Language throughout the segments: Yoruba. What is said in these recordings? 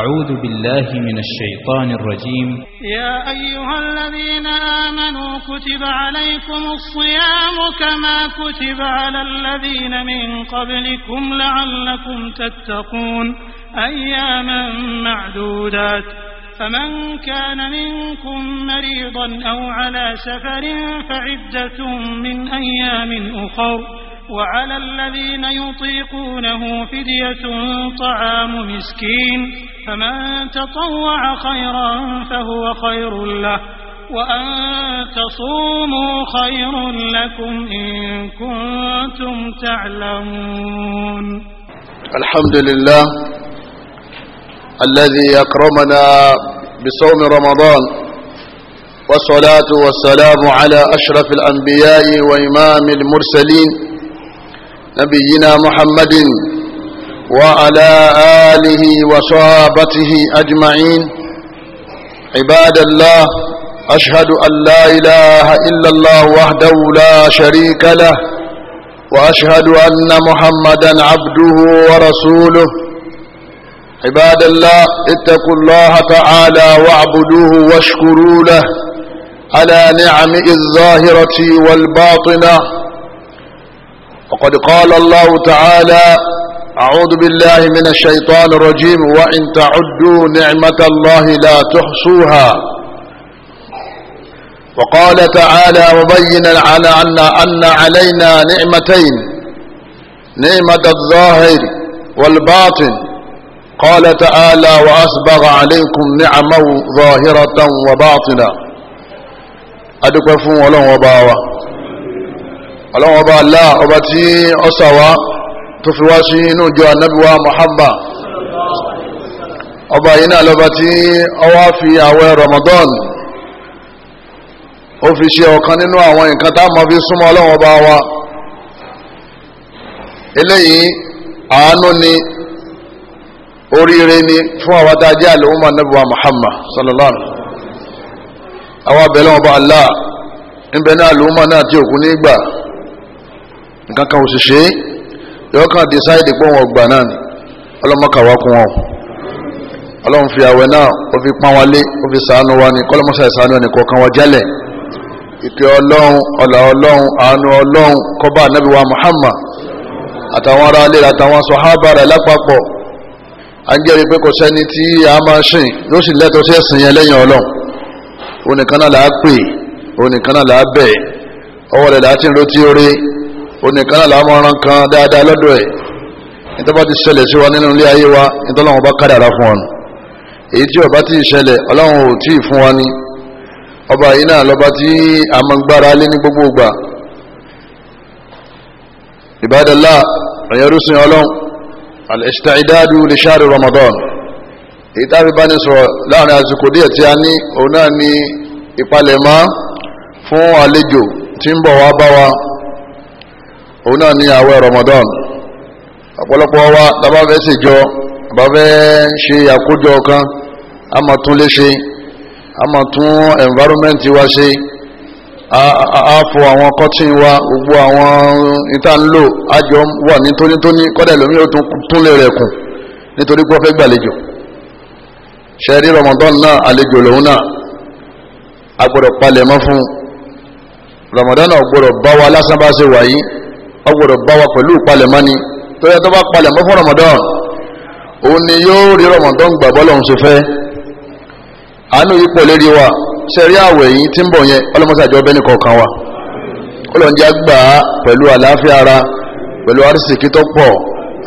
أعوذ بالله من الشيطان الرجيم يا أيها الذين آمنوا كتب عليكم الصيام كما كتب على الذين من قبلكم لعلكم تتقون أياما معدودات فمن كان منكم مريضا أو على سفر فعدة من أيام أخر وعلى الذين يطيقونه فدية طعام مسكين فمن تطوع خيرا فهو خير له وأن تصوموا خير لكم إن كنتم تعلمون الحمد لله الذي أكرمنا بصوم رمضان والصلاة والسلام على أشرف الأنبياء وإمام المرسلين نبينا محمد وعلى آله وصحابته أجمعين عباد الله أشهد أن لا إله إلا الله وحده لا شريك له وأشهد أن محمدا عبده ورسوله عباد الله اتقوا الله تعالى واعبدوه واشكروا له على نعمه الظاهرة والباطنة وقد قال الله تعالى أعوذ بالله من الشيطان الرجيم وإن تعدوا نعمة الله لا تحصوها وقال تعالى مبينا على أن, أن علينا نعمتين نعمة الظاهر والباطن قال تعالى وأسبغ عليكم نعما ظاهرة وباطنة أدكوا فون ولون وباوا ولون وبا لا وبتي أسوا tó fi wá sí inú ìjọ anábíwá Muhammad ọba yìí náà lọ́ba tí ọwá fi àwẹ̀ Ramadan ó fi ṣe ọ̀kan nínú àwọn nǹkan tá a mọ̀ fi súnmọ́ ọlọ́wọ́n bá wa eléyìí àánú ni oríire ni fún àwọn tá a jẹ́ àlùmọ́ anábíwá Muhammad sallallahu alayhi wa wọn bá Allah níbẹ̀ náà àlùmọ́ náà tí òkú nígbà nǹkan kan ò sì ṣe é yóò kàn dísáìdì pé wọn gbà náà ni ọlọ́mọkàwá kún wọn ọlọ́run fi àwẹ̀ náà ó fi pọ́n wálé ó fi sàánú wa ni kọ́lọ́mọṣà ìsàánú ẹnì kọ̀ọ̀kan wa jálẹ̀ ìpè ọlọ́run ọ̀là ọlọ́run àánú ọlọ́run kọ́ba ànábì wa Muhammad àtàwọn ará ilé àtàwọn sọ̀hábà rẹ̀ lápapọ̀ à ń jẹ́rìí pé kò sẹ́ni tí a máa sìn yóò sì lẹ́tọ̀ọ́ sí ẹ̀sìn yẹn lẹ́yìn ọlọ́run òun náà là á pè òun náà là á bẹ̀ ọwọ́ rẹ̀ là á ti ń retí oore onìkan náà làwọn ọ̀ràn kan dáadáa lọ́dọ̀ ẹ̀ nítorí wọ́n ti ṣẹlẹ̀ sí wa nínú ilé ayé wa nítorí wọn bá kádàrá fún wọn èyí tí ọba ti ṣẹlẹ̀ ọlọ́run ò tí ì fún wa ni ọba yìí náà lọ́ba tí a lé ní gbogbo ìgbà ìbádọ́lá ẹ̀yẹ́rúsìn ọlọ́run al-isti'dadu li Ramadan èyí tá a fi bá ní sọ̀rọ̀ láàrin àsìkò díẹ̀ tí a ní òun náà ní ìpalẹ̀mọ́ fún àlejò tí ń bọ̀ wá bá wa. Bawa, òun náà ní àwẹ̀ Ramadan ọ̀pọ̀lọpọ̀ wa bàbá fẹ́ ṣèjọ bàbá fẹ́ ṣe àkójọ kan a máa tún lé a máa tún environment wa ṣe a fọ àwọn kọ́tìn wa gbogbo àwọn ìta ń lò àjọ wà ní tónítóní kọ́dà lómi ó tún lè rẹ̀ kù nítorí pé ó fẹ́ gbàlejò ṣẹ́rí Ramadan náà àlejò lòun náà a gbọ́dọ̀ palẹ̀mọ́ fún Ramadan náà gbọ́dọ̀ bá wa lásán bá ṣe wà yìí ọgbọ́dọ̀ bá wa pẹ̀lú ìpalẹ̀mọ́ ni torí ẹtọ́ bá palẹ̀mọ́ fún Ramadan òun ni yóò rí Ramadan gbà bọ́lọ̀ ń ṣe fẹ́ àánú yìí pọ̀ lérí wa sẹ́rí àwẹ̀ yìí tí ń bọ̀ yẹn ọlọ́mọsàjọ́ bẹ́ẹ̀ nìkọ̀ọ̀kan wa ọlọ́njẹ́ gbà á pẹ̀lú àlàáfíà ara pẹ̀lú arísìkí tó pọ̀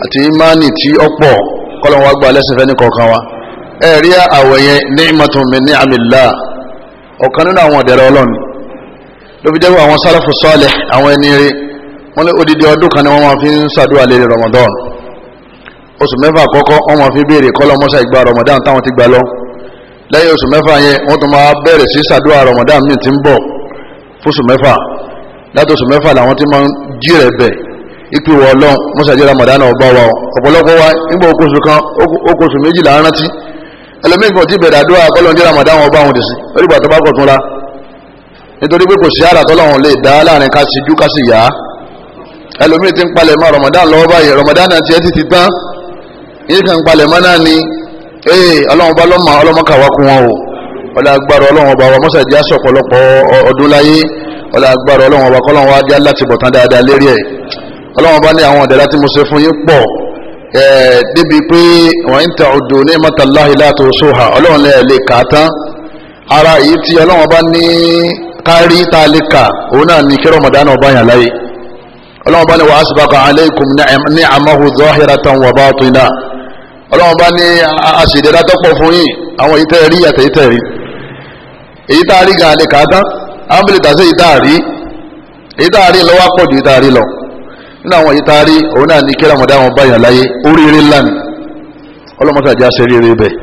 àti ìmánì tí ó pọ̀ kọ́lọ́n wa gbà lẹ́sìn fẹ́ nìkọ̀ọ̀kan wa ẹ rí àwẹ̀ yẹn ní ìmọ̀tún mi ní àmìlá ọ̀kan nínú àwọn ọ̀dẹ̀rẹ̀ ọlọ́run ló jẹ́ àwọn sálàfù sọ́ọ̀lẹ̀ àwọn ẹni rí wọ́n lé odidi ọdún kan ni wọ́n máa fi ń ṣàdúrà lé Ramadan oṣù mẹ́fà àkọ́kọ́ wọ́n máa fi béèrè kọ́lọ́ mọ́ṣá ìgbà Ramadan táwọn ti gbà lọ lẹ́yìn oṣù mẹ́fà yẹn wọ́n tún máa bẹ̀rẹ̀ sí ṣàdúrà Ramadan míì ti ń bọ̀ fóṣù mẹ́fà láti oṣù mẹ́fà làwọn ti máa ń jí rẹ̀ bẹ̀ ipe wọ Ọlọ́run mọ́ṣá ìjẹ́ Ramadan ọgbà wa ọ̀pọ̀lọpọ̀ wa nígbà okoṣù kan okoṣù méjì là ń rántí ẹlòmíì kan ti bẹ̀rẹ̀ Ramadan ọgbà wọn dì sí orí ìgbà tó bá kọ̀ tún ra nítorí pé kò sí àrà tọ́lọ́run lè dá láàrin ká ṣíjú ká sì yá ẹlòmíì ti ń palẹ̀ mọ́ Ramadan lọ́wọ́ báyìí Ramadan àti ẹ ti ti tán yìí kan palẹ̀ mọ́ náà ni ee ọlọ́run bá lọ́mọ ọlọ́mọ kàwá kún wọn o ọlọ́ agbára ọlọ́run ọba wa mọ́sàdí aṣọ ọ̀pọ̀lọpọ̀ ọdún láyé ọlọ́ agbára ọlọ́run ọba kọ́lọ́run wa dé láti bọ̀ tán dáadáa lérí ẹ̀ ọlọ́run bá ní àwọn ọ̀dẹ́ láti mo ṣe fún yín pọ̀ ẹ̀ débi pé wọ́n ń ta ọ̀dọ̀ ní mọ́tàláhi láti oṣù ha ọlọ́run lè lè kà á tán ara èyí tí ọlọ́run bá ní kárí tá a lè kà òun náà ní kí rọmọdánù ọba yàn láyé ọlọ́wọ́n bá ní wa asbaqa alaykum ni'amahu wa batina ọlọ́wọ́n bá ní fún àwọn rí rí èyí a rí gan alẹ́ kàtá ámbìlì tàṣẹ èyí tá a èyí tá a rí lọ́wọ́ pọ̀ ju èyí tá lọ nínú àwọn èyí tá a rí òun náà ní kí ọmọdé àwọn báyà láyé oríire ńlá ni ọlọ́mọṣàjá ṣe ríire bẹ́ẹ̀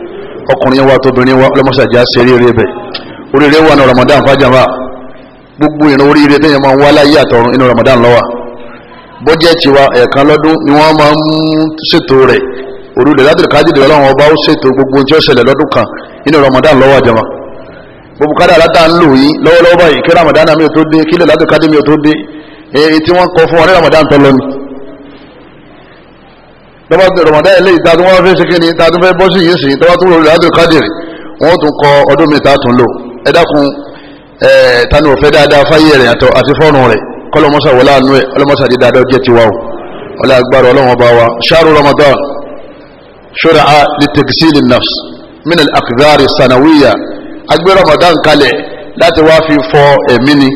ọkùnrin wa tóbìnrin wa ọlọ́mọṣàjá ṣe ríire bẹ́ẹ̀ oríire wà ní Ramadan fájàmá gbogbo ìran oríire téèyàn máa ń wá láyé àtọ̀run inú bọ́jẹ́ẹ̀tì wa ẹ̀ẹ̀kan lọ́dún ni wọ́n máa ń ṣètò rẹ̀ òrùlẹ̀ látìlẹ̀ kájídé ọlọ́run ọba ó ṣètò gbogbo ohun tí lọ́dún kan nínú Ramadan lọ́wọ́ àjẹmà gbogbo kádà látà ń lò yìí lọ́wọ́lọ́wọ́ báyìí kí Ramadan mi ò tó dé kí lẹ́lẹ́dẹ̀ kájídé mi ò tó dé èyí tí wọ́n kọ fún wa ní Ramadan tó lọ ni. lọ́wọ́ Ramadan eléyìí tá a tún wá fẹ́ ṣe kíni tá a tún fẹ́ bọ́ sí yìí sí tọ́wọ́ tún lòlẹ̀ látìlẹ̀ kájídé kọlọmọsà wọlé àánú ẹ ọlọmọsà dídá adé ọjẹ tiwa o ọlọ agbára Ọlọ́run ọba wa ṣáàrù ramadan ṣọra a lè tẹkisílì nafs min al-aqdari sanawiya agbé ramadan kalẹ̀ láti wá fi fọ ẹ̀mí ni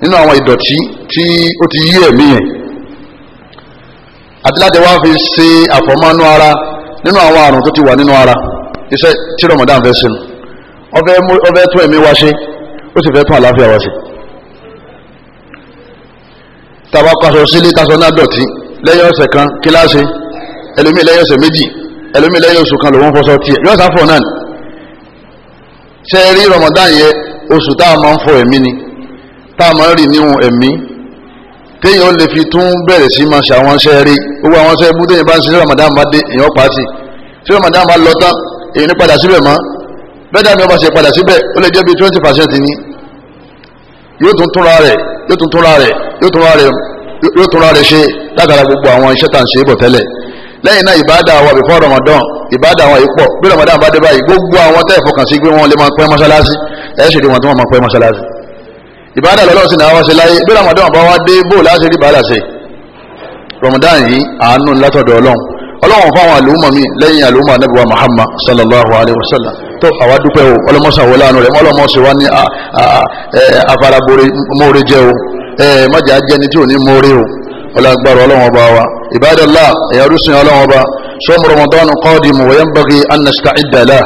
nínú àwọn ìdọ̀tí tí ó ti yí ẹ̀mí yẹn àti láti wá fi ṣe àfọmọ́nú ara nínú àwọn àrùn tó ti wà nínú ara iṣẹ́ tí ramadan fẹ́ sínú ó tún ẹ̀mí wa ṣe ó sì fẹ́ tún àlàáfíà wa ṣe tàbá kọsọ sílé tasọ náà dọ̀tí lẹ́yìn ọ̀sẹ̀ kan kíláàsì ẹlòmíì lẹ́yìn ọ̀sẹ̀ méjì ẹlòmíì lẹ́yìn oṣù kan lòun fọṣọ tiẹ̀ yọ̀ọ́sà fọ̀ náà ni ṣe rí Ramadan yẹ oṣù tá a máa ń fọ ẹ̀mí ni tá a máa ń rì níhun ẹ̀mí téèyàn ó lè fi tún bẹ̀rẹ̀ sí máa ṣe àwọn iṣẹ́ rí gbogbo àwọn iṣẹ́ ibú téèyàn bá ń ṣe Ramadan bá dé èèyàn pàtì ṣé Ramadan bá lọ tán èèyàn ní padà síbẹ̀ mọ́ bẹ́ẹ̀ dàbí ọba ṣe padà síbẹ̀ ó lè jẹ́ bí twenty percent ni yóò tún túnra rẹ̀ yóò tún túnra rẹ̀ yóò tún ra rẹ̀ ṣe látara gbogbo àwọn iṣẹ́ tà ń ṣe é bọ̀ tẹ́lẹ̀ lẹ́yìn náà ìbáàdà wa before Ramadan ìbáàdà wa yìí pọ̀ bí Ramadan bá dé báyìí gbogbo àwọn tẹ́ ìfọkàn sí pé wọ́n lè máa pẹ́ mọ́ṣáláṣí ẹ̀ ṣèdí wọn tí wọ́n máa pẹ́ mọ́ṣáláṣí ìbáàdà lọ́lọ́sì náà wá sí láyé bí Ramadan bá wá dé bó láti rí ìbáàdà sí Ramadan yìí àánú látọ̀dọ̀ Ọlọ́run Ọlọ́run fáwọn àlùmọ̀ mi lẹ́yìn àlùmọ̀ Ànábì wa Muhammad sallallahu alayhi wa sallam tó àwa dúpẹ́ o ọlọ́mọṣàwọlá àánú rẹ̀ mọ́lọ́mọṣẹ́wá ní afárabore mọ́ọ̀rẹ́ jẹ́ o ẹ má jẹ́ ajẹ́ni tí ò ní mórí o ọlọ́gbàrọ̀ ọlọ́wọ́n bá wa ìbádọ́lá ẹ̀yà rúṣin ọlọ́wọ́n bá sọ́mu rọmọdọ́nù kọ́ọ̀dìmù wẹ́yẹ́mbọ́gì anasita ìdàlá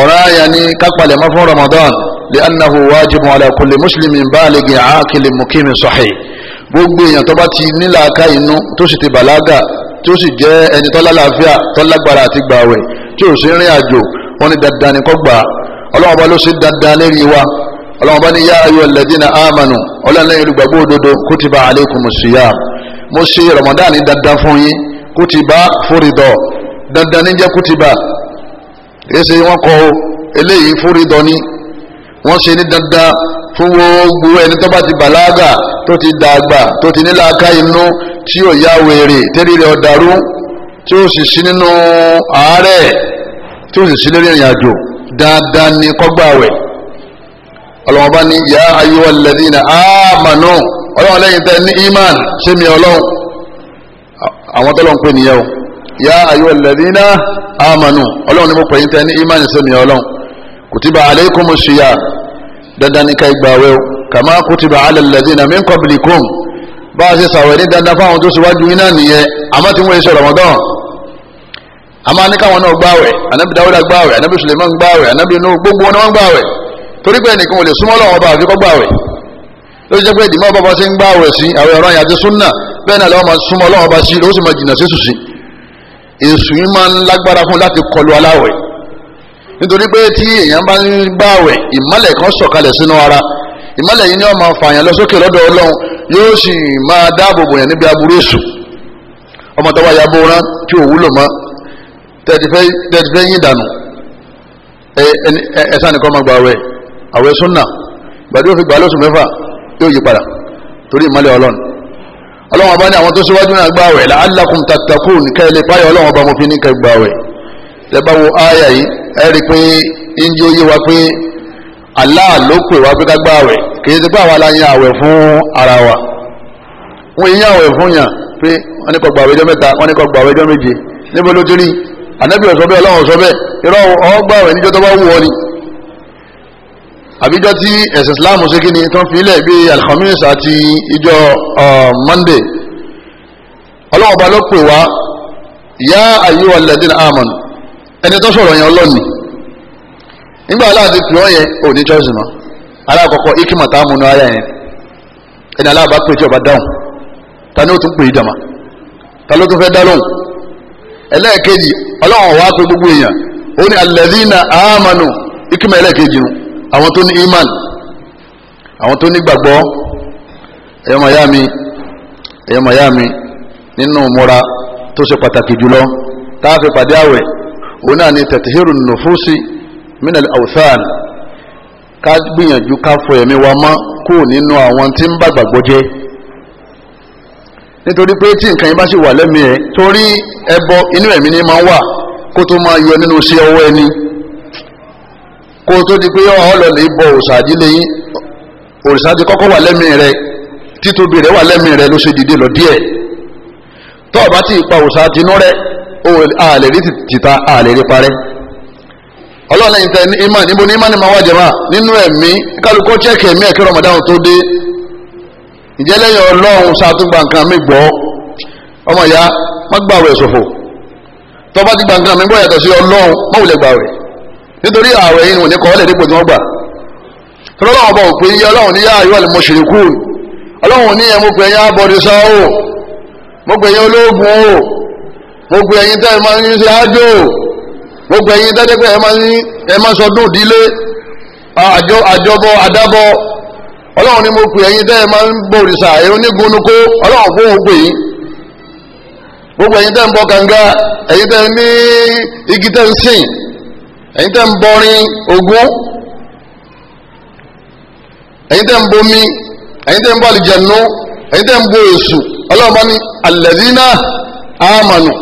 ọ̀rọ̀ àyà ni kápálẹ̀ mọ́ fún rọmọdọ́n lè anahu wájibu alakulli mùsùlùmí báàlìgì àákìlì mùkìmí sọ̀hì gbogbo èèyàn tó bá ti nílàáká inú tó sì ti bàlágà tó sì jẹ́ ẹni tọ́lá làáfíà tọ́lágbára àti gbààwẹ̀ tí ò sí rìn àjò wọn ni dandan ni kó gbà ọlọ́wọ́n ló ṣe dandan lérí wa ọlọ́run bá ní yá ayọ̀ alladhina amanu ọlọ́run lẹ́yìn olùgbàgbọ́ òdodo kutiba alaykumus siyam mo ṣe ramadan dandan fún yín kutiba fúridọ̀ dandan ní jẹ́ kutiba èsì wọn kọ eléyìí fúridọ̀ ni wọ́n ṣe ní dandan fún gbogbo ẹni tó bá ti bàlágà tó ti dàgbà tó ti níláàká inú tí ò ya wèrè tẹ́rí rẹ̀ ọ̀dàrú tí ó sì sí nínú àárẹ̀ tí ó sì sí lórí ìrìn dandan ni kọ́gbà wẹ̀ ọlọ́wọ́n bá ní yá ayúwọ́ lẹ́dínà ámànú ọlọ́wọ́n lẹ́yìn tẹ́ ní iman ṣé mi ọlọ́run àwọn tọ́lọ̀ ń pè nìyẹn o yá ayúwọ́ lẹ́dínà ámànú ọlọ́run ní mo pè yín tẹ́ ní iman ṣé mi ọlọ́run kùtìbà aleikum ṣìyà dandan ní ká ìgbà wẹ́ o kàmá kùtìbà alẹ́ lẹ́dínà min qablikum bá a ṣe sàwẹ̀ ní dandan fáwọn tó ṣíwájú yín náà nìyẹn torí pé ẹnìkan ò lè súnmọ́ lọ́wọ́ ọba àfikọ́ gbàwẹ̀ ló jẹ́ pé ìdìmọ́ bàbá ṣe ń gbàwẹ̀ sí àwọn ẹ̀rọ yàtí súnà bẹ́ẹ̀ náà lọ́wọ́ máa súnmọ́ lọ́wọ́ ọba sí ló sì máa jìnnà sí sùsì èṣù yìí máa ń lágbára fún láti kọlu aláwẹ̀ nítorí pé tí èèyàn bá ń gbàwẹ̀ ìmọ́lẹ̀ kan sọ̀kalẹ̀ sínú ara ìmọ́lẹ̀ yìí ni wọ́n máa fààyàn lọ sókè lọ́dọ̀ ọlọ́run yóò sì máa dáàbò bò yàn níbi aburú èṣù ọmọ tó wá ya bó rán tí ò wúlò mọ́ tẹ́tí fẹ́ yín dànù ẹ̀ ẹ̀ ẹ̀ sáà nìkan máa gbàwẹ̀ àwẹ̀ súnà gbàdúrà fi gbà lóṣù mẹ́fà yóò yí padà torí ìmọ̀lẹ̀ ọlọ́run ọlọ́run ọba ní àwọn tó síwájú náà gbà wẹ̀ la'allakum tattaqun kẹ́lẹ́ páyọ̀ ọlọ́run ọba mo fi ní kẹ́ gbà wẹ̀ tẹ́bá wo ááyà yìí ẹ pé injí ó wa pé Allah ló pè wá pé ká gbà wẹ̀ kì í ti pé àwa la yan àwẹ̀ fún ara wa wọ́n yíyan àwẹ̀ fún yàn pé wọ́n ní kó gbà wẹ̀jọ́ mẹ́ta wọ́n ní kó gbà wẹ̀ níjọ́ tó àbíjọ́ tí ẹ̀sìn islam ṣe kí ni tó ń fi ilẹ̀ bíi alhamis àti ìjọ uh, monday ọlọ́wọ́ ba ló pè wá ya ayyuhal ladina amanu ẹni tó sọ̀rọ̀ yẹn ọlọ́ni nígbà aláàdì pè wọ́n yẹn ò ní jọ́sìn mọ́ aláàkọ́kọ́ ikima tá a mú nu ara yẹn ẹni aláàbá pè tí ọba dáhùn ta ni ó tún pè é jàmá ta ló tún fẹ́ dá lóhùn ẹlẹ́ẹ̀kejì ọlọ́wọ́ wa pé gbogbo èèyàn ó ní alladina amanu ikima ẹlẹ́ẹ̀kejì nù àwọn tó ní iman àwọn tó ní gbàgbọ́ ẹ̀yọ́ màyá mi ẹ̀yọ́ màyá mi nínú múra tó ṣe pàtàkì jùlọ tá a fi pàdé àwẹ̀ òun náà ni tẹ̀tẹ̀hìrù nùfúsì mínàlì àwùsàn ká gbìyànjú ká fọ ẹ̀mí wa mọ́ kú nínú àwọn tí ń bá gbàgbọ́ jẹ́ nítorí pé tí nǹkan yín bá sì wà lẹ́mìí ẹ̀ torí ẹbọ inú ẹ̀mí ni máa ń wà kó tó máa yọ nínú iṣẹ́ ọwọ́ ẹni kó tó di pé ọlọ lè bọ òòṣà àdílé yín òòṣà ti kọ́kọ́ wà lẹ́mìí rẹ títóbi rẹ wà lẹ́mìí rẹ ló ṣe dìde lọ díẹ̀ tó o bá ti pa òòṣà tinú rẹ a lè rí tìta a rí parẹ́ ọlọ́run ẹ̀yìn tẹ ní níbo ní imá ni màá wá jẹ̀ máa nínú ẹ̀mí kálukọ́ chẹ́ẹ̀kì ẹ̀mí ẹ̀kí rọmọdáhùn tó dé ìjẹ́lẹ́yìn ọlọ́run ṣàtúgbà nǹkan mi gbọ́ ọmọ ìyá má gbàwẹ̀ ṣòfò tọ́ba ti gbà mi gbọ́ yàtọ̀ sí ọlọ́run má wulẹ̀ gbàwẹ̀ nítorí ààwẹ̀ yìí wọn ní kọ́ ọ́lẹ̀ dípò tí wọ́n gbà tọ́lá ọlọ́run bá òpin yẹ ọlọ́run ní yáa yọ̀ọ̀lẹ̀ mo ṣèlú kù ọlọ́run ní ẹ mo pè yín o mo pè ológun o mo pè yín tẹ́ ẹ máa ń ṣe ájò o mo pè yín tẹ́tẹ́ pé ẹ máa sọdún àjọbọ àdábọ ọlọ́run ní tẹ́ ẹ ẹ̀yin tẹ́ ń bọrin Ògún ẹ̀yin tẹ́ ń bomi ẹ̀yin tẹ́ ń bọ àlìjẹ̀nu ẹ̀yin tẹ́ ń bọ èṣù ọlọ́run bá ní alladhina amanu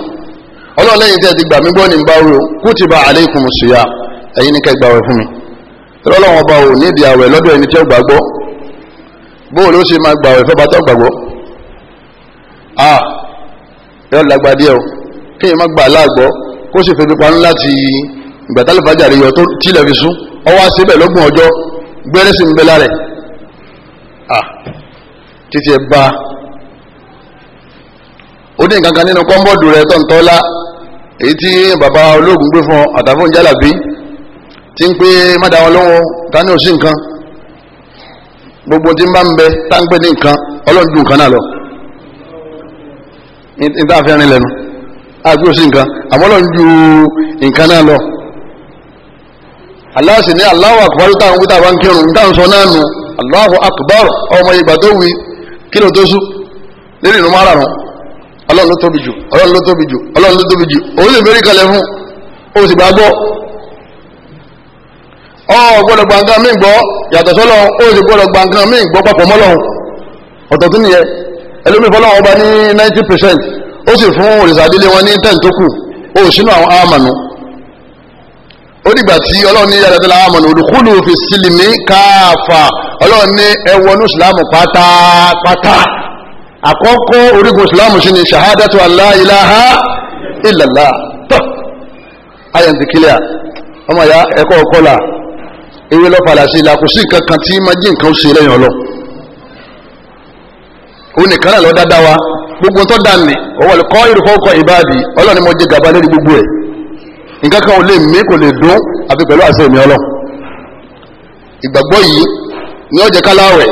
ọlọ́run lẹ́yìn tẹ́ ti gbà mí gbọ́ ní báwo kutiba alaykumu siyam ẹ̀yin ní kẹ́ gbàwẹ̀ fún mi ọlọ́run ọba ò ní ìdí àwẹ̀ lọ́dọ̀ ẹni tí ó gbàgbọ́ bóò ló ṣe máa gbàwẹ̀ fẹ́ bá tó gbàgbọ́ a yọ lágbàdí ẹ o kéèyàn má gbà láàgbọ́ kó sì fi dupanu láti yìí gbàtàlì fàjàre yọ tí ilẹ̀ fi sún ọwọ́ síbẹ̀ lọ́gbọ̀n ọjọ́ gbẹ́rẹ́ ń bẹ lára ẹ̀ títí ẹ bá ó ní kankan nínú kọ́ńbọ́ọ̀dù rẹ̀ èyí tí bàbá olóògùn gbé fún àtàfún jálàbí ti ń pé gbogbo tí ń bá ń bẹ ní nǹkan ọlọ́run lẹ́nu ò sí nǹkan àmọ́ ọlọ́run ju Allah sì ní Allahu akbar táwọn wí táwọn kírun táwọn sọ náà nu Allahu akbar ọmọ ìgbà tó wí kí ló tó sùn nínú ìlú márùn ọlọ́run ló tóbi jù ọlọ́run ló tóbi jù ọlọ́run ló tóbi jù òun lè mérí kalẹ̀ fún òun sì gbàgbọ́ ọ gbọ́dọ̀ gbàǹkan mí gbọ́ yàtọ̀ sọ́lọ́ òun sì gbọ́dọ̀ gbàǹkan mí gbọ́ papọ̀ mọ́lọ́run ọ̀tọ̀ tún nìyẹn ẹlòmíì fọlọ́run ọba ní ninety percent ó sì fún òrìṣà délé wọn ní ten tó kù òun sínú àwọn àmànù ó dìgbà tí ọlọ́run ní yàrá tẹ́lẹ̀ àmọ́ olùkúlù fi sílìmí káàfà ọlọ́run ní ẹwọnú ìsìlámù pátápátá àkọ́kọ́ orígun ìsìlámù sí ni ṣahadatu allah ilaha illallah tọ́ ayẹn ti kílẹ̀ ọmọ ya ẹ̀kọ́ ọkọlà ewé lọ́pàá làṣẹ ìlà kò sí nǹkan kan tí máa jí nǹkan ṣe lẹ́yìn ọlọ́ òun nìkan náà lọ dáadáa wa gbogbo tó dà ní ọwọ́ ìrùkọ́ ìbáàdì ọlọ́run ni mo jẹ gàba lórí gbogbo ẹ̀ nǹkan kan ò lè mí kò lè dún àfi pẹ̀lú àṣẹ ìmí ọlọ́ ìgbàgbọ́ yìí ni ó jẹ́ káláwẹ̀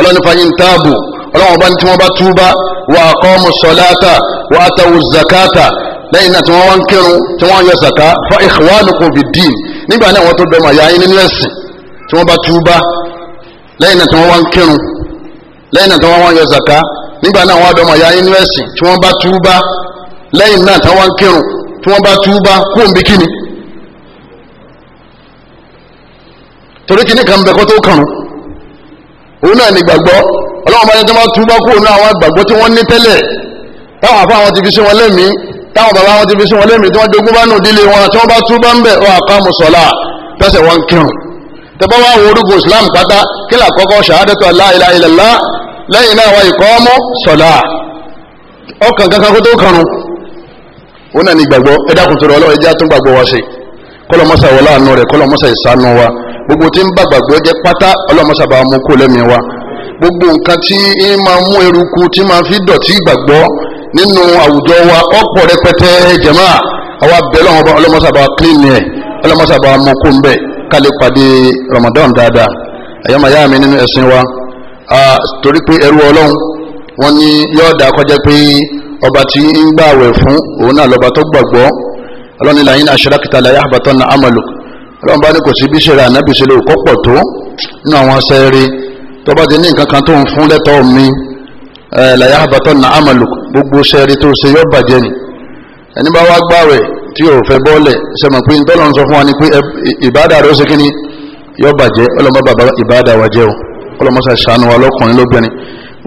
ọlọ́ni fàyín táàbù ọlọ́wọ́n bá ní tí wọ́n bá túbá wà á kọ́ ọmọ sọ̀láta wà á tàwù zakata lẹ́yìn náà tí wọ́n wọ́n kírun tí wọ́n yọ sàká fa ikhwanukum fi din nígbà náà wọ́n tó bẹ̀rẹ̀ màyà yín nínú ẹ̀sìn tí wọ́n bá túbá lẹ́yìn náà tí wọ́n wọ́n kírun lẹ́yìn náà tí wọ́n wọ́n yọ sàká nígbà náà wọ́n bẹ̀rẹ̀ màyà yín nínú ẹ̀sìn tí wọ́n bá túbá lẹ́yìn náà tí wọ́n wọ́n kírun tí wọ́n bá túbá kó ń bí kíni torí kíní kan bẹ̀ kó tó kàn òun náà ní gbàgbọ́ ọlọ́run bá yẹ tí wọ́n bá túbá kó òun náà àwọn gbàgbọ́ tí wọ́n ní tẹ́lẹ̀ táwọn àfa àwọn ti fi ṣe wọn lẹ́mìí táwọn bàbá wọn ti fi ṣe wọn lẹ́mìí tí wọ́n dogun bá nù dílé wọn tí wọ́n bá túbá ń bẹ̀ ọ àkàmù sọ̀lá tẹ̀sẹ̀ wọn kírun tẹ́bá wà wọ orúkọ islam pátá kí là kọ́kọ́ ṣàhádẹ́tò lẹ́yìn náà wà ìkọ́ ọmọ sọ̀lá ọkàn kankan kó tó kàrún òun náà ní gbàgbọ́ ẹ dákun tó rọ ọlọ́run ẹjẹ́ àtún gbàgbọ́ wa ṣe kọlọmọsà wọlé àánú rẹ wa gbogbo tí ń bá gbàgbọ́ jẹ pátá ọlọmọsà bá mú kó wa gbogbo nǹkan tí ń máa mú eruku tí máa fi dọ̀tí ìgbàgbọ́ nínú àwùjọ wa ọ̀pọ̀ rẹpẹtẹ jẹ̀mọ́ awa bẹ̀rẹ̀ wọn bá ọlọmọsà bá clean yẹn ọlọmọsà bá mú kó Ramadan ọba tí ń gbà wẹ̀ fún òun náà lọ́ba tó gbàgbọ́ ọlọ́ni làyín aṣọ́lákìtà làyà àbàtọ́ na amalu ọlọ́run bá ní kò sí bí ṣe rà nábì ṣe lè kọ́ pọ̀ tó nínú àwọn aṣẹ́rí tó bá ti ní nǹkan kan tó ń fún lẹ́tọ̀ọ́ mi làyà àbàtọ́ na amalu gbogbo ṣẹ́rí tó ṣe yọ́ bàjẹ́ ni ẹni bá wá gbà wẹ̀ tí yóò fẹ́ bọ́ọ̀lẹ̀ sẹ́mọ̀ pé ntọ́lọ́run sọ fún wa ni pé ìbáàdà rẹ̀ ó ṣe kí ni yọ́ bàjẹ́ ọlọ́mọ bàbá ìbáàdà wa jẹ́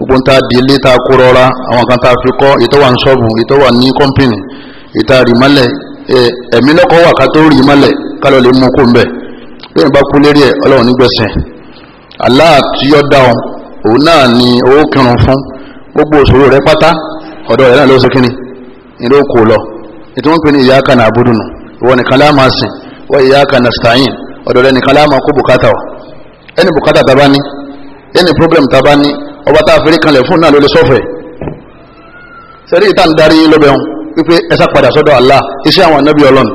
gbogbo ń ta di ilé ta kó rọra àwọn kan tá a fi kọ́ ètò wa ní ṣọ́ọ̀bù ètò wà ní kọ́mpìnì ètò àrìmọ́lẹ̀ ẹ̀mí lọ́kọ̀ wà ká tó rí mọ́lẹ̀ ká lọ lè mú kó ń bẹ̀ bí wọ́n bá kú lérí ẹ̀ ọlọ́run nígbẹ̀sẹ̀ Allah tí dá ọ òun náà ni owó kírun fún gbogbo òṣòro rẹ pátá ọ̀dọ̀ rẹ̀ náà ló ṣe kíni ilé òkú lọ ètò wọn pè ní iyyaka na'budu nù ìwọ nìkan la máa sìn wa iyyaka nasta'in ọ̀dọ̀ rẹ̀ nìkan la kó bùkátà ẹni bùkátà tá a bá ní ẹni problem tá a bá ní ọba tá a fèrè kanlẹ̀ fún náà ló lè sọ́fẹ̀ sẹ́rí ìta ń darí lọ́bẹ̀ wọn wípé ẹ̀sà padà sọ́dọ̀ Allah iṣẹ́ àwọn anábì ọlọ́run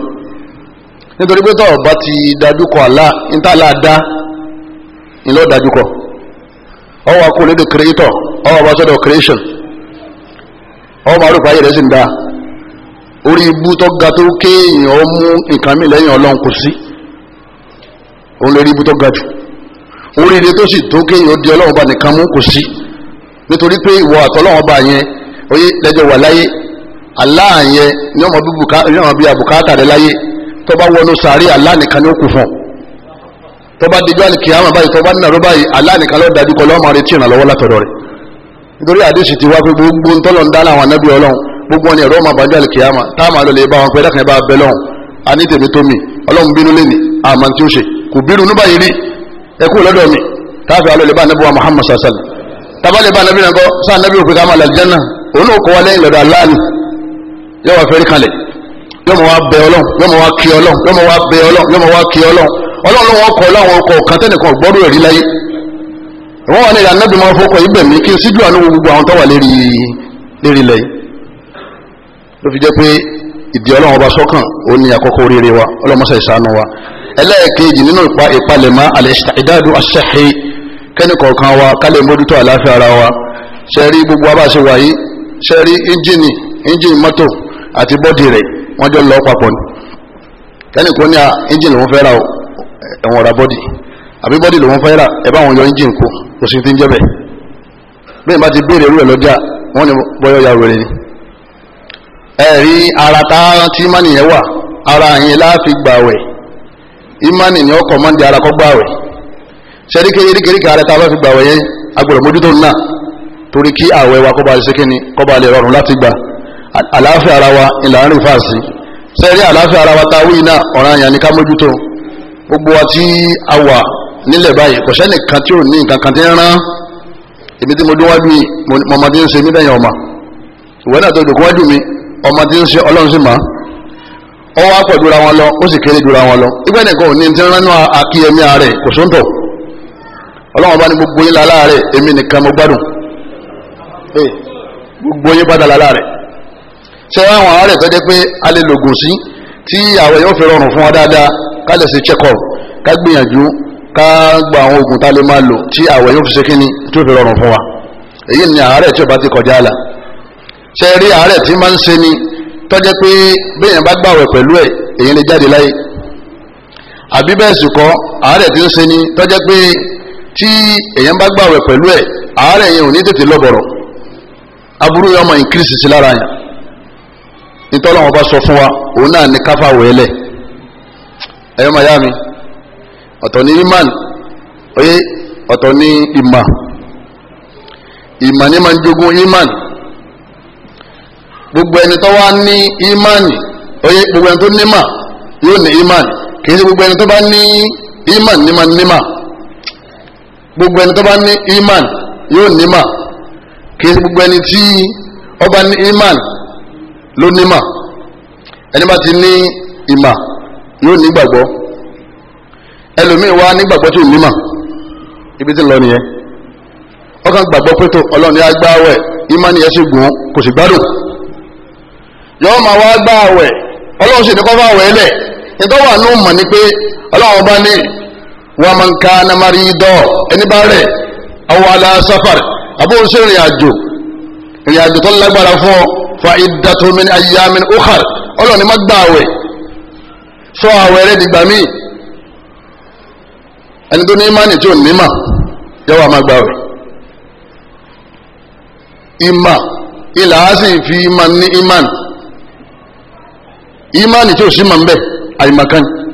nítorí pé tọ́ ọba ti dájúkọ Allah níta aláàdá ńlọ dájúkọ ọwọ́ akó lédè creator ọwọ́ ọba sọ́dọ̀ creation ọwọ́ máa rúpa ayé rẹ̀ sì ń da orí ibú tó ga tó kéèyàn ó mú nǹkan mi lẹ́yìn ọlọ́run kò sí òun lórí ibú tó ga jù oríire tó sì tó kéèyàn ó di ọlọ́run bá nìkan mú kò sí nítorí pé ìwọ àtọ́lọ́wọ́n bá yẹn oyè lẹ́jọ́ wà láyé Allah yẹn ní ọmọ bíi àbùkátà rẹ láyé tó bá wọnú sàárè Allah nìkan ni ó kù fún tó bá dijọ́ àlìkìyàmọ̀ báyìí tó bá nàró báyìí Allah nìkan ló dájú kọ lọ́mọ rẹ tí ì lọ́wọ́ látọ̀dọ̀ rẹ̀ nítorí àdéṣì ti wá pé gbogbo ń tọ́lọ̀ ń dáná àwọn anábì ọlọ́run gbogbo wọn ni ẹ̀rọ ọmọ àbájá àlìkìyàmọ̀ táwọn àlọ́ lè bá wọn pẹ́ dákan ẹ̀ wa Muhammad sallallahu tabalẹ̀ ba anabi nàkọ́ sá anabi òfin ká máa lọ àlìjánná òun náà kọ́ wa lẹ́yìn lọ́dọ̀ aláàlì yóò wá fẹ́rí kalẹ̀ yóò mọ̀ wá bẹ wa yóò mọ̀ wá kí ọlọ́run yóò mọ̀ wá bẹ ọlọ́run yóò mọ̀ wá kí ọlọ́run ọlọ́run wọn kọ láwọn ọkọ̀ kàtẹ́nìkan gbọ́dọ̀ ẹ̀rí láyé wọ́n wà nílẹ̀ anábì máa fọkọ̀ ibẹ̀ mi kí n síjú àánú gbogbo àwọn tó wà lérí lérí lẹ̀ ló fi jẹ́ pé ìdí ọlọ́run ọba sọ́kàn ó ní àkọ́kọ́ oríire wa ọlọ́mọṣẹ́ ìṣàánú wa ẹlẹ́ẹ̀kejì nínú ìpalẹ̀mọ́ àlẹ́ ìdádù àṣẹ́hẹ́ kẹ́ni kọ̀ọ̀kan wa ká lè mójútó àlàáfíà ara wa ṣe rí gbogbo abá ṣe wà yìí ṣe rí ẹ́ńjìnì ẹ́ńjìnì mọ́tò àti bọ́dì rẹ̀ wọ́n jọ lọ papọ̀ ni kẹ́ni kò ní ẹ́ńjìnì lòún fẹ́ ra ẹ̀wọ̀n ra bọ́dì àbí bọ́dì lòún fẹ́ ra ẹ̀ bá wọn yọ ẹ́ńjìnì kó kò sí ti ń jẹ́ bẹ́ẹ̀ bá ti béèrè irú ẹ̀ lọ́jà wọ́n ní bọ́yọ̀ ya wẹ̀rẹ̀ ni ẹ̀rí ara tá tí mánìyẹn wà ara yẹn láàfi gbàwẹ̀ ìmánì ni ọkọ̀ mọ́ndé ara kọ́ gbàwẹ̀ sẹ́ríkè eríkèríkè ààrẹ tá a bá fi gbà wọ̀ yẹn agbọ̀dọ̀ mójútó ńlá torí kí ààwẹ̀ wa kọ́ba ṣe kíni kọ́ba lè rọrùn láti gbà àlàáfíà ara wa ìlànà rìn fàásì sẹ́rí àlàáfíà ara wa ta wí náà ọ̀ràn àyàn ní ká mójútó gbogbo wa tí a wà nílẹ̀ báyìí kò sẹ́ni kan tí ò ní nǹkan kan tí ń rán èmi tí mo dún wájú mi mọ̀mọ́ tí ń ṣe mí lẹ́yìn ọmọ tí ọwọ́ á pọ̀ wọn lọ ó sì kéré jura wọn lọ ibẹ̀ nìkan ò ní ti ń rán ní akíyẹmí ààrẹ kò sóńtọ̀ ọlọ́wọ́n bá ní gbogbo yín láláàárẹ̀ èmi nìkan mo gbádùn gbogbo yín padà láláàárẹ̀ ṣé àwọn àárẹ̀ tó jẹ́ pé a lè lògùn sí tí àwọn yóò fi rọrùn fún wa dáadáa ká lè ṣe check up ká gbìyànjú ká gba àwọn oògùn tá a lè máa lò tí àwọn yóò fi ṣe kíni tó fi rọrùn fún wa èyí ni àárẹ̀ tí o bá ti kọjá àlà ṣe rí àárẹ̀ tí máa ń ṣe ni tó jẹ́ pé béèyàn bá gbàwẹ̀ pẹ̀lú ẹ̀ èyí lè jáde láyé àbí bẹ́ẹ̀ sì àárẹ̀ tí ń ṣe ni tó jẹ́ pé tí èèyàn bá gbàwẹ̀ pẹ̀lú ẹ̀ àárẹ̀ yẹn ò ní tètè lọ́bọ̀rọ̀ aburú yẹn ọmọ ìkírísì sí lára yẹn nítorí àwọn ọba sọ fún wa òun náà ní káfá wẹ̀ẹ́lẹ̀ ẹ̀yọ́ màá yá mi ọ̀tọ̀ ní imán oyé ọ̀tọ̀ ní ìmà ìmà ní máa ń jogún imán gbogbo ẹni tó wá ní imán oyé gbogbo ẹni tó ní mà yóò ní imán kì í ṣe gbogbo ẹni tó bá ní imán ní máa ní mà gbogbo ẹni tó bá ní iman yóò nímà kì í ṣe gbogbo ẹni tí ó bá ní iman ló nímà ẹni bá ti ní ìmà yóò nígbàgbọ́ ẹlòmíì wá nígbàgbọ́ tí ò nímà ibi tí ń lọ nìyẹn ọkàn gbàgbọ́ pé tó ọlọ́run yá gbá wẹ̀ ìmánì yẹn sì gùn kò sì gbádùn yọ́ọ́ máa wá gbá ọlọ́run sì ní kọ́ fà lẹ̀ nítorí wà ní ni pé ọlọ́run bá ní wọn máa ń ka anamari dọ́ ẹni bá rẹ̀ ọwọ́ alá sáfàr àbó ń ṣe ìrìn àjò ìrìn àjò tó lágbára fún ọ fa iddatu min ayyamin ukhar ọlọ́run ni má gbà àwẹ̀ sọ àwẹ̀ rẹ̀ dìgbà míì ẹni tó ní ìmánì tí ò ní mà yẹ wàá má gbà àwẹ̀ ìmà ilà á sì fi ìmà ní ìmánì ìmánì tí ò sí mà ń bẹ̀ àyìnbá kan yìí.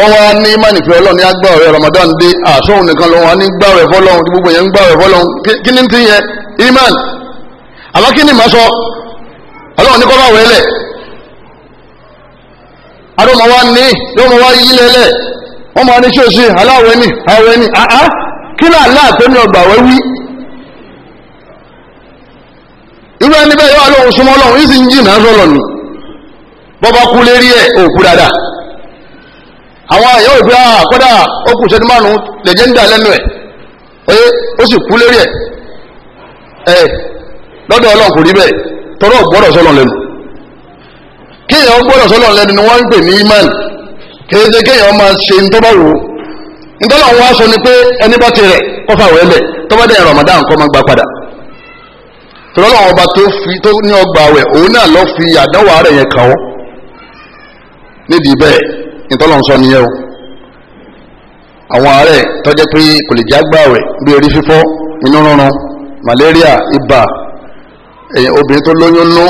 wọ́n wa ní mánì fi ọlọ́run ní agbára Ramadan dé àṣọhùn nìkan lọ wá ní gbára gbogbo yẹn ń gbára kí ni ti yẹ iman àmọ́ kí ni màá sọ ọlọrun ní kọ́ bá àdó ma wá ní yóò ma wá yí ma ní ní àá kí ọgbà ẹni bẹ́ẹ̀ yóò súnmọ́ yìí sì ń jìnnà sọ̀rọ̀ ni bọ́bá kú àwọn àyẹ̀wò pé a ah, kọ́dà ó kù ìṣẹ́jú márùn-ún lẹ́jẹ̀ndà lẹ́nu ẹ̀ oye ó sì kú lérí ẹ̀ ẹ̀ lọ́dọ̀ kò rí bẹ́ẹ̀ tọ́rọ̀ gbọ́dọ̀ sọ́lọ̀ lẹ́nu kéèyàn gbọ́dọ̀ sọ́lọ̀ lẹ́nu ni wọ́n ń pè ní imán kéèyàn kéèyàn ṣe ń ni pé ẹni bá ti rẹ̀ kọ́ fà wẹ́lẹ̀ ìtọ́lọ̀ ń sọ nìyẹn o àwọn ààrẹ tọ́jẹ́ pé kò lè jágbá rẹ̀ bí orí fífọ́ inú rúnrun malaria ibà obìnrin tó lóyún nú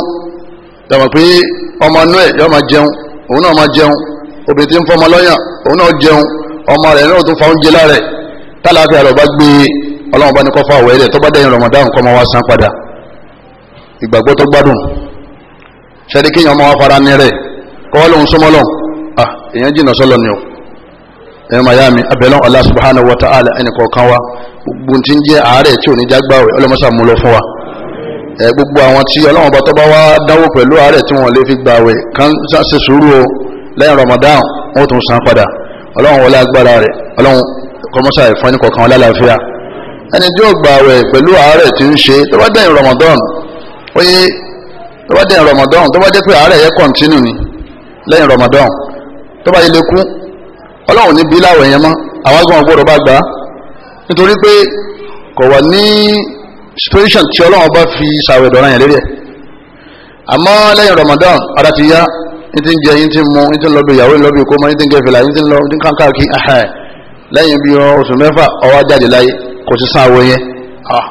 yàtọ̀ pé ọmọ inú ẹ̀ yọ máa jẹun òun náà máa jẹun obìnrin tí ń fọmọ lọ́yàn òun náà jẹun ọmọ rẹ̀ náà tó fa oúnjẹ lára ẹ̀ tálàáfíà rẹ̀ bá gbé e, ọlọ́run bá ní kọ́ fún àwọ̀ tó bá dẹ̀yìn rọ̀mọ̀dáhùn kọ́ máa wá san padà ìgbàgbọ́ tó gbádùn ṣẹ́ni kéèyàn máa wá fara ní rẹ̀ kọ́ lóun súnmọ́ èèyàn jìnnà sọ́lọ ni o ẹ̀yàn mayami abẹ́lẹ́ Allah subhanahu wa ta'ala ẹnì kọ̀ọ̀kan wa gbogbo tí ń jẹ́ àárẹ̀ tí ò ní jágbáwẹ̀ ọlọ́mọṣà mú lọ fún wa ẹ gbogbo àwọn tí ọlọ́run bá tọ́ bá wá dánwò pẹ̀lú àárẹ̀ tí wọ́n lè fi gbàwẹ̀ kán ṣe sùúrù o lẹ́yìn Ramadan wọ́n tún san padà ọlọ́run wọlé agbára rẹ̀ ọlọ́run kọ́mọ́ṣà ẹ̀fọ́ ẹnì kọ̀ọ̀kan lálàáfíà ẹni tí ó gbàwẹ̀ pẹ̀lú àárẹ̀ Ramadan ó yé tó Ramadan tó bá jẹ́ pé àárẹ̀ yẹ lẹ́yìn Ramadan tó bá yẹlẹ kú ọlọ́run níbi láwọ̀ yẹn mọ́ àwọn agbọ̀n gbọ́dọ̀ bá gbà á nítorí pé kò wà ní situation tí ọlọ́run bá fi ṣàwẹ̀ dọ̀ràn yẹn lérí ẹ̀ àmọ́ lẹ́yìn Ramadan ara ti yá ní ti ń jẹ yín ti ń mu ní ti ń lọ́bi ìyàwó ní lọ́bi ìkómọ ní ti ń gẹ fìlà ní ti ń lọ ní kánká kí lẹ́yìn bí oṣù mẹ́fà ọwọ́ jáde láyé kò sí sáwọ yẹn ah.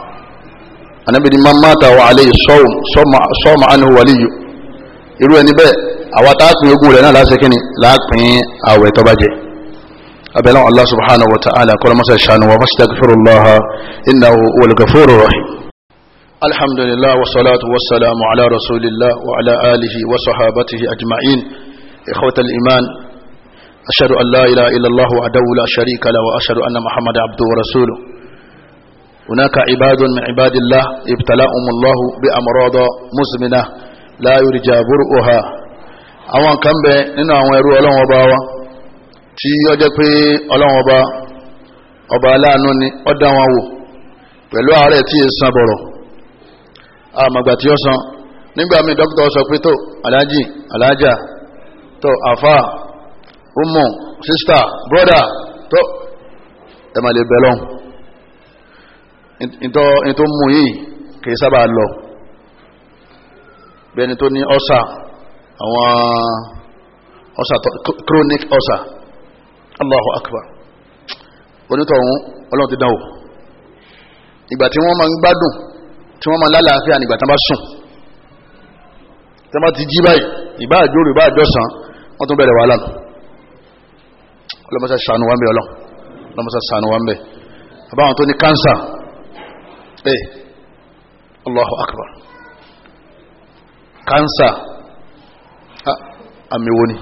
ànábìrin máa ń máa ta wà á lè sọ́ọ̀mù sọ́ọ̀mù àánú wàlíyù irú ẹni bẹ́ẹ̀ àwa tá a pín ogún la sake láti la pin àwẹ̀ tó baje abela Allah subhanahu wa ta'ala kọ́lá masa shanu wa fastaghfirullah innahu wal ghafurur rahim. alhamdulillah wa salatu wa salamu ala rasulillah wa ala alihi wa sahabatihi ajma'in ikhwatal iman ashhadu an la ilaha illa allah wa adu la sharika la wa ashhadu anna muhammad abduhu wa rasuluh هناك عباد من عباد الله ابتلاهم الله بأمراض مزمنة لا يرجى برؤها àwọn kan bẹ nínú àwọn ẹrú ọlọ́wọ́n ọba wa tí ó jẹ́ pé ọlọ́wọ́n ọba ọba aláàánú ni ó dá wọn wò pẹ̀lú àárẹ̀ tí è san bọ̀rọ̀ àmàgbà tí ó san nígbà míì dókítà sọ pé tó aláàjì aláàjà tó àfà umu sista broda tó ẹ mà lè bẹ̀ lọ́hùn nítorí mú yìí kì í sábà lọ bẹ́ẹ̀ ni tó ní ọ́sà àwọn ọ̀sà chronic ọ̀sà Allahu Akbar onítọ̀hún ọlọ́run ti dánwò ìgbà tí wọ́n máa ń gbádùn tí wọ́n máa ń lálàáfíà nígbà tí wọ́n bá sùn tí wọ́n bá ti jí báyìí ìbá àjòrò ìbá àjọsàn wọ́n tún bẹ̀rẹ̀ wàhálà nù ọlọ́mọṣẹ́ àmì ni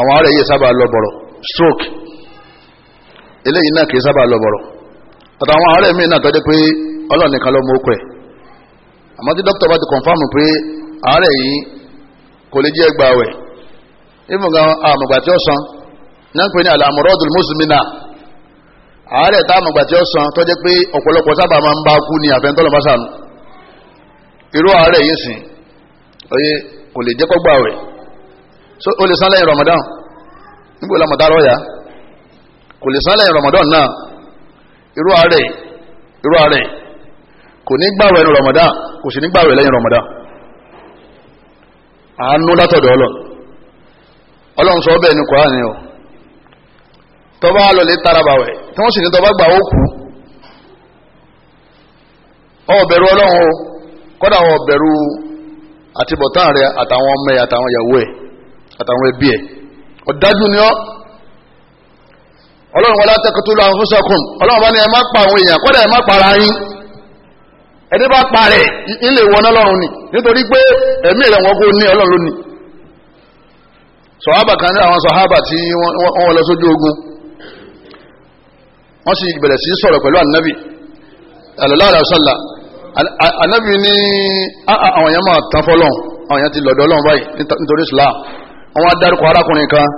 àwọn ará yìí sábà lọ bọ̀rọ̀ stroke eléyìí náà kìí sábà lọ bọ̀rọ̀ àtàwọn ará mi náà tọ́jú pé ọlọ́ọ̀ni kan lọ́mọ okọ̀ ẹ̀ àmọ́ tí dókítà ti kọ̀nfàmù pé àárẹ̀ yìí kò lè jẹ́ ẹgbà wẹ̀ tí ó náà ń pè ní mùsùlùmí náà tá tí ó tọ́jú pé ọ̀pọ̀lọpọ̀ sábà máa ń bá kú ní àfẹ́ńtọ́lọ́mọ́sàn irú oye kò lè jẹ́ kó gbà so o lè san lẹ́yìn Ramadan níbo la mọ̀tá kò lè san lẹ́yìn Ramadan náà irú àárẹ̀ irú àárẹ̀ kò ní gbà wẹ̀ ní Ramadan kò sì ní gbà wẹ̀ lẹ́yìn Ramadan àánú látọ̀dọ̀ sọ bẹ́ẹ̀ ni o tọ́ba taraba wẹ̀ tí wọ́n sì ní tọ́ba gbà ó kú ọ̀bẹ̀rù ọlọ́run o kọ́dà àti bọ̀tán rẹ àtàwọn ọmọ ẹ àtàwọn ìyàwó ẹ àtàwọn ẹbí ẹ ọ̀dájú ni ọ́ ọlọ́run wọlé atẹ́kọ̀tọ́lù anfusakum ọlọ́run bá ní ẹ má pa àwọn èèyàn kọ́dà ẹ má para yín ẹni bá pa rẹ̀ ilé ìwọ náà lọ́run ni nítorí pé ẹ̀mí rẹ̀ wọ́n kó ní ọlọ́run lónìí sọ̀hábà kan ní àwọn sọ̀hábà tí wọ́n wọlé sójú ogun wọ́n sì bẹ̀rẹ̀ sí sọ̀rọ̀ pẹ̀lú ànábì àlọ́lá àlọ́sọ̀lá anabi ní àwọn yẹn máa tán fọlọ́n àwọn yẹn ti lọ́dọ̀ ọlọ́run báyìí nítorí islam wọn wá dárúkọ arákùnrin kan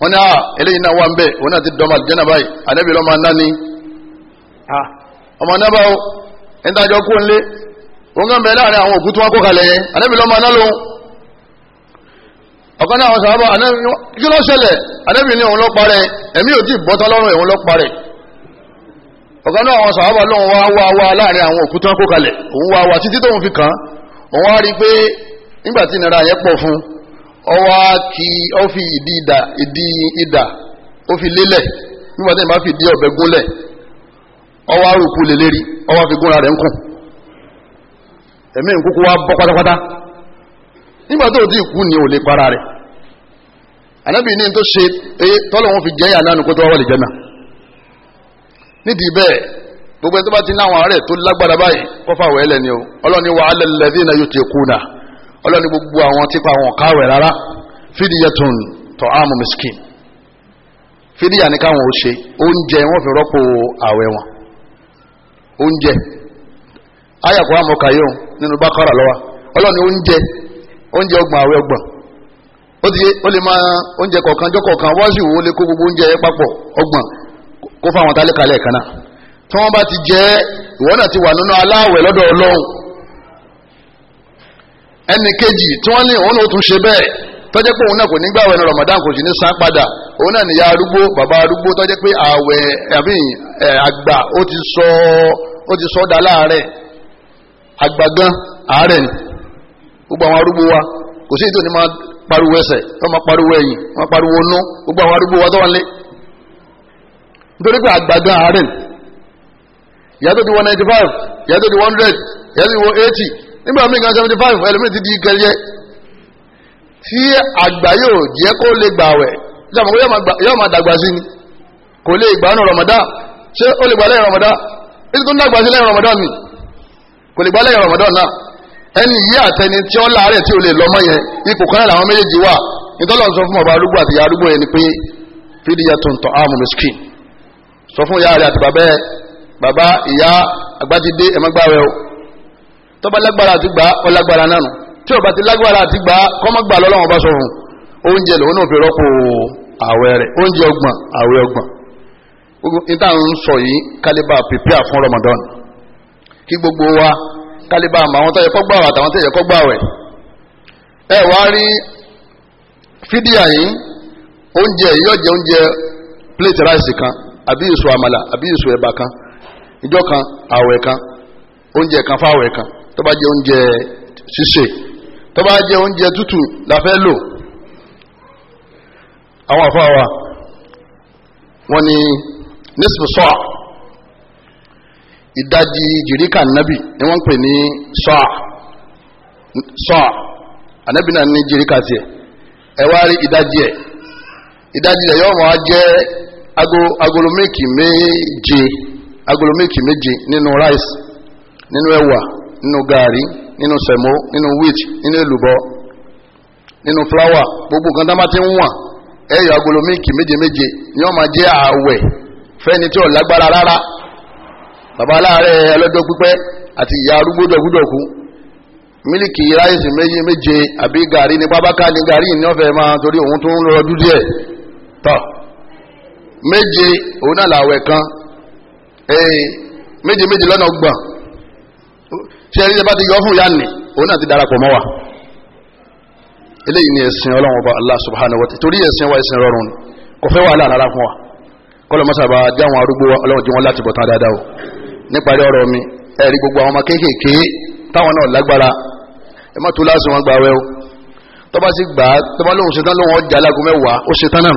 wọn ní eléyìí náà wà ń bẹ òun náà ti dọ́mọ àlùjẹ́nà báyìí anabi lọ́mọ aná ni ọmọ aná o ẹni tí a jọ kú ń lé òun kàn bẹ láàrin àwọn òkú tí wọn kó kalẹ̀ yẹn anabi lọ́mọ aná lòun ọ̀kan náà wọn sàbà anabi kí ló ṣẹlẹ̀ anabi ní òun lọ́ parẹ́ ẹ̀mí ò tí ì bọ́tá lọ́rùn òun lọ́ parẹ́ ọ̀gá náà àwọn sàhábà lóun wá wá wá láàrin àwọn òkú tán kó kalẹ̀ òun wá wá títí tóun fi kàn án òun wá rí pé nígbàtí tí ìnira yẹn pọ̀ fún ọwá kí ọ fi ìdí ìdà ìdí ìdà ó fi lélẹ̀ nígbàtí tí fi ìdí ọ̀bẹ gúnlẹ̀ fi gúnra rẹ̀ ń kùn ẹ̀mí wá bọ́ pátápátá nígbà ni ò lè para rẹ̀ ní tó ṣe pé eh, fi jẹ́yà náà nídìí bẹ́ẹ̀ gbogbo ẹni tó bá ti ní àwọn àárẹ̀ tó lágbára báyìí kó fàwọ̀ ẹlẹ̀ o ọlọ́ni wa alẹ́lẹ́dínà yóò ti kú nà ọlọ́ni gbogbo àwọn tipa àwọn káwẹ̀ rárá fídíyàtún tọ́ àmú miskin fídíyà ní káwọn ò ṣe oúnjẹ wọn fi rọ́pò àwẹ̀ wọn oúnjẹ ayàkọ́ àmọ́ kàyọ́ nínú bákàrà lọ́wọ́ ọlọ́ni oúnjẹ oúnjẹ ọgbọ̀n àwẹ̀ ọgbọ̀n ó ti ó lè máa oúnjẹ kọ̀ọ̀kan jọ́kọ̀ọ̀kan wáṣíwò ó lè kó gbogbo oúnjẹ yẹn papọ̀ ọgbọ̀n kó fún àwọn tálíkà lẹ́ẹ̀kan náà tí wọ́n bá ti jẹ́ ìwọ náà ti wà nínú aláwẹ̀ lọ́dọ̀ ọlọ́run ẹnì kejì tí wọ́n ní òun náà ó tún ṣe bẹ́ẹ̀ tọ́jẹ́ pé òun náà kò ní gbà Ramadan kò sì ní san padà òun náà arúgbó bàbá arúgbó tọ́jẹ́ pé àwẹ̀ àbí àgbà ó ti sọ àárẹ̀ ni gbogbo àwọn wa kò sí ètò ní máa pariwo ẹsẹ̀ tó máa pariwo ẹ̀yìn máa pariwo gbogbo àwọn wa tó wà nítorí pé àgbàgbà ààrẹ ìyá di one wọ ninety five ìyá di one hundred ìyá di ti eighty nígbà míì kan seventy five ẹlòmíì ti di kẹlẹ́ tí àgbà yóò jẹ́ kó lè gbà wẹ̀ ìjàmbá yóò dàgbà sí ni kò lè gbà nù Ramadan ṣé ó lè gbà lẹ́yìn Ramadan ètò tó ń dàgbà sí lẹ́yìn Ramadan mi kò lè gbà lẹ́yìn Ramadan náà ẹni yí àtẹni tí ó láàárẹ̀ tí ó lè lọ́mọ yẹn ipò kan náà làwọn méjèèjì wà nítorí wọn sọ fún ọba arúgbó àti arúgbó yẹn ni pé fídíyà tó ń tọ́ àmú miskin sọ fún ìyá rẹ̀ àti bàbá ẹ̀ bàbá ìyá àgbájídé ẹ̀ má gbà rẹ̀ o tọ́ba lágbára àti gbà ọ lágbára náà nù tí ọba ti lágbára àti gbà kọ́mọ́ gbà bá sọ̀rọ̀ oúnjẹ lòun náà fi rọ́pò àwẹ̀ rẹ̀ oúnjẹ ọgbọ̀n àwẹ̀ ọgbọ̀n níta ń sọ yìí kálíbà pèpèà fún Ramadan kí gbogbo wa kálíbà àmọ́ àwọn tó yẹ kó gbà wà àtàwọn tó yẹ kó ẹ wá rí fídíà yìí oúnjẹ yìí yóò oúnjẹ plate rice kan àbí èso àmàlà àbí èso ẹ̀bà kan ìjọ kan àwẹ̀ kan oúnjẹ kan fáwẹ̀ kan tó bá jẹ oúnjẹ ṣíṣe tó bá jẹ oúnjẹ tútù la fẹ́ lò àwọn àfáwà wọn ni nísìsiyìí sọ́à ìdajì jìríkà nábì ni wọ́n ń pè ní sọ́à sọ́à ànábì náà ní jìríkà tiẹ̀ ẹ wá rí ìdajì ẹ̀ ìdajì ẹ̀ yóò jẹ́ agolo mílìkì méje agolo mílìkì nínú rice nínú ẹwà nínú gaari nínú sẹ̀mó nínú wheat nínú èlùbọ́ nínú flour gbogbo nǹkan tá a máa ti ń méje méje ni wọ́n máa jẹ́ ààwẹ̀ fẹ́ni tí ò lágbára rárá bàbá aláàárẹ̀ ẹlọ́jọ́ pípẹ́ àti ìyá arúgbó mílìkì ráìsì méje méje àbí gàrí ní pápákà ní gàrí ní máa torí òun tó ń lọ ọdún tọ. méje òun náà làwẹ̀ kan méje méje lọ́nà ọgbọ̀n ṣé ẹni bá ti yọ fún ìyá nì òun náà ti darapọ̀ mọ́ wa eléyìí ni ẹ̀sìn ọlọ́run ọba Allah subhanahu wa ta'ala torí ẹ̀sìn wa ẹ̀sìn rọrùn kò fẹ́ wàhálà rárá fún wa kọ́lọ̀ mọ́sàbà dé àwọn arúgbó ọlọ́run jí wọn láti bọ̀ tán dáadáa o níparí ọ̀rọ̀ mi ẹ̀rí gbogbo àwọn ọmọ kéékèèké táwọn náà lágbára ẹ má tú láàsì wọn gbà wẹ́ o tọ́ba sì gbà á tọ́ba lóhùn ṣetán lóhùn ọjà alágún ó ṣetán náà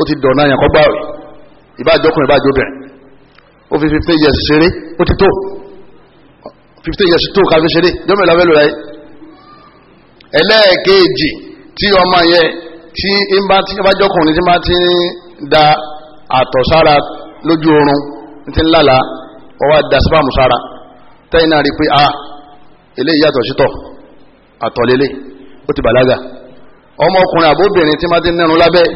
ó ti dọ̀nà yẹn kọ́ gbààwẹ̀ ìbájọkùn ó fi fifty years ṣeré ó ti tó fifty years tó ká fi ṣeré jọ́mọ̀ ìlànà ìlú rẹ̀ ẹlẹ́ẹ̀kejì tí ọmọ yẹn tí ìbájọkùn ní máa ti da àtọ̀sára lójú oorun ti ń lálà ọwọ́ da sípàmù sára tẹ́yìn náà rí pé a ah, eléyìí yàtọ̀ sítọ̀ àtọ̀lélẹ̀ ó ti bàlágà ọmọkùnrin àbóbìnrin tí máa ti nírun lábẹ́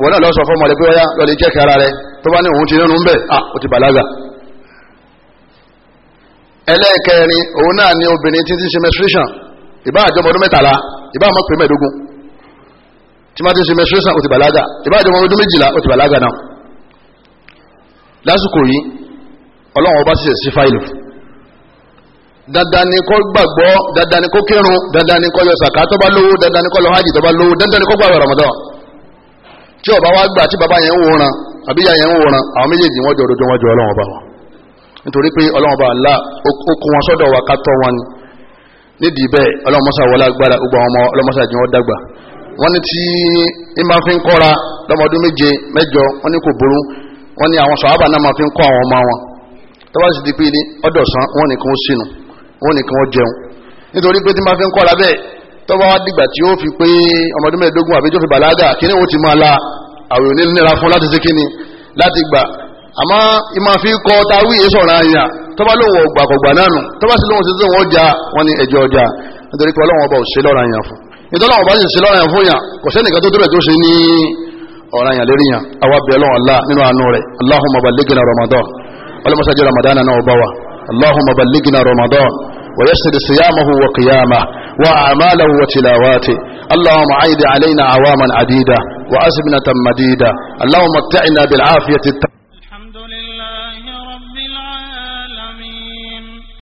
wọn náà lọ sọ fọmọ rẹ pé ọyá lọ lè jẹ́ kí ara rẹ tó bá ní òun ti nínú ń bẹ̀ ah ó ti bàlágà ẹlẹ́ẹ̀kẹrin òun náà ni obìnrin tí ti ṣe menstruation ìbá àjọmọ ọdún mẹ́tàlá ìbá àmọ́ pé mẹ́ẹ̀ẹ́dógún tí má ti ṣe menstruation ó ti bàlágà ìbá àjọmọ ọdún méjìlá ó ti bàlágà náà lásìkò yìí ọlọ́run ọba ṣiṣẹ́ sí fáìlì dandan ni kó gbàgbọ́ dandan ni kó kírun dandan ni kó yọ sàká tó bá lówó dandan ni kó lọ hajj tó bá lówó dandan ni kó gbàgbọ́ Ramadan tí ọba wa gbà tí bàbá yẹn ń wòran àbí ìyá yẹn ń wòran àwọn méjèèjì wọn jọ dodo wọn jọ ọlọ́wọ́n bá wọn nítorí pé ọlọ́wọ́n bá ńlá ó wọn sọ́dọ̀ wa ká wọn ni nídìí bẹ́ẹ̀ ọlọ́mọṣà wọlé agbára gbogbo àwọn ọmọ ọlọ́mọṣà jẹ́ wọn dàgbà wọ́n ní tí ìmá fi ń kọ́ra lọ́mọdún méje mẹ́jọ wọ́n ní kò burú wọ́n ní àwọn sọ̀hábà náà máa fi ń kọ́ àwọn ọmọ wọn tọ́wọ́ sì ti pé ní ọ̀dọ̀sán wọ́n nìkan ó sínú wọ́n nìkan ó jẹun nítorí pé tí ìmá fi ń kọ́ra bẹ́ẹ̀ tọ́wọ́ wá dìgbà tí ó fi pé ọmọdún mẹ́ẹ̀ẹ́dógún àbíjọ́ fi bàlágà kíní ó ti máa la àwẹ̀ òní nira fún láti ṣe kíní láti gbà àmọ́ ìmọ̀ fi kọ́ tawí ìṣọ̀rọ̀ àyà tọ́ba lóun ọgbà kọ̀gbà náà nù tọ́ba sì lóun ṣiṣẹ́ wọn ọjà wọn ni ẹ̀jẹ̀ ọjà nítorí pé ọlọ́run ọba ò ṣe lọ́ra yàn fún nítorí ọlọ́run ọba Allah nínú àánú Allahumma ballighna Ramadan ọlọ́mọṣájú Ramadan náà ọba Allahumma ballighna Ramadan ويسر صيامه وقيامه وأعماله وتلاواته اللهم عيد علينا عواما عديدة وأزمنة مديدة اللهم متعنا بالعافية التامة